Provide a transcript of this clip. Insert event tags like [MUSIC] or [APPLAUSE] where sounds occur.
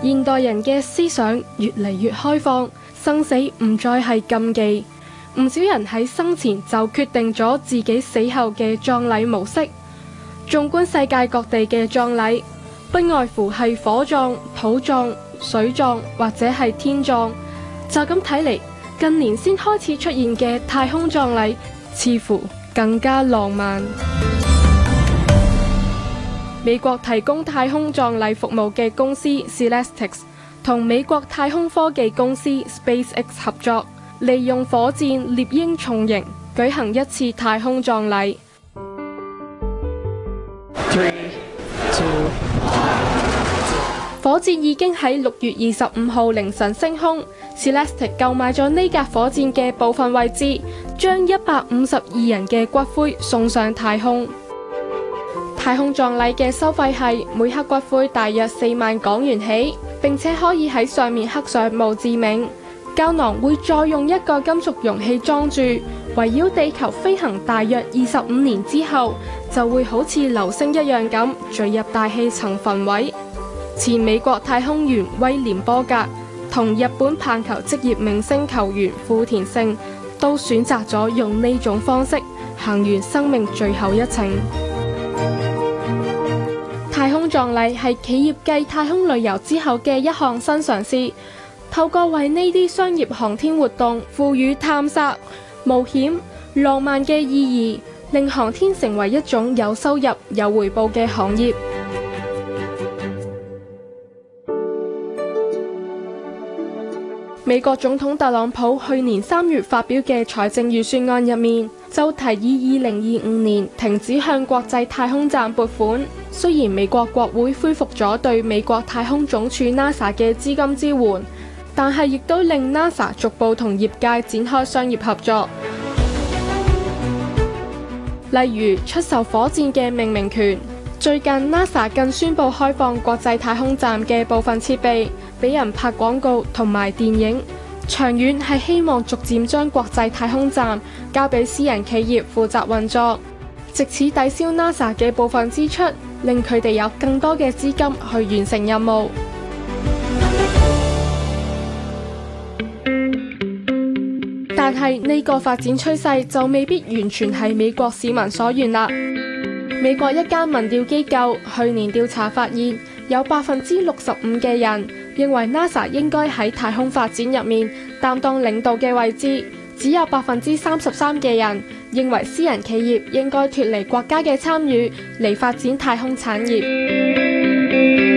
現代人嘅思想越嚟越開放，生死唔再係禁忌。唔少人喺生前就決定咗自己死後嘅葬禮模式。縱觀世界各地嘅葬禮，不外乎係火葬、土葬、水葬或者係天葬。就咁睇嚟，近年先開始出現嘅太空葬禮，似乎更加浪漫。美國提供太空葬禮服務嘅公司 Celestics 同美國太空科技公司 SpaceX 合作，利用火箭獵鷹重型舉行一次太空葬禮。Three, two, one, 火箭已經喺六月二十五號凌晨升空。 [MUSIC] Celestics 購買咗呢架火箭嘅部分位置，將一百五十二人嘅骨灰送上太空。太空葬禮嘅收費係每克骨灰大約四萬港元起，並且可以喺上面刻上墓誌銘。膠囊會再用一個金屬容器裝住，圍繞地球飛行大約二十五年之後，就會好似流星一樣咁墜入大氣層焚毀。前美國太空員威廉波格同日本棒球職業明星球員富田勝都選擇咗用呢種方式行完生命最後一程。太空葬禮係企業繼太空旅遊之後嘅一項新嘗試，透過為呢啲商業航天活動賦予探索、冒險、浪漫嘅意義，令航天成為一種有收入、有回報嘅行業。美國總統特朗普去年三月發表嘅財政預算案入面，就提議二零二五年停止向國際太空站撥款。雖然美國國會恢復咗對美國太空總署 NASA 嘅資金支援，但係亦都令 NASA 逐步同業界展開商業合作，例如出售火箭嘅命名權。最近 NASA 更宣佈開放國際太空站嘅部分設備，俾人拍廣告同埋電影。長遠係希望逐漸將國際太空站交俾私人企業負責運作，藉此抵消 NASA 嘅部分支出，令佢哋有更多嘅資金去完成任務。但係呢個發展趨勢就未必完全係美國市民所願啦。美國一間民調機構去年調查發現有，有百分之六十五嘅人。認為 NASA 應該喺太空發展入面擔當領導嘅位置，只有百分之三十三嘅人認為私人企業應該脫離國家嘅參與嚟發展太空產業。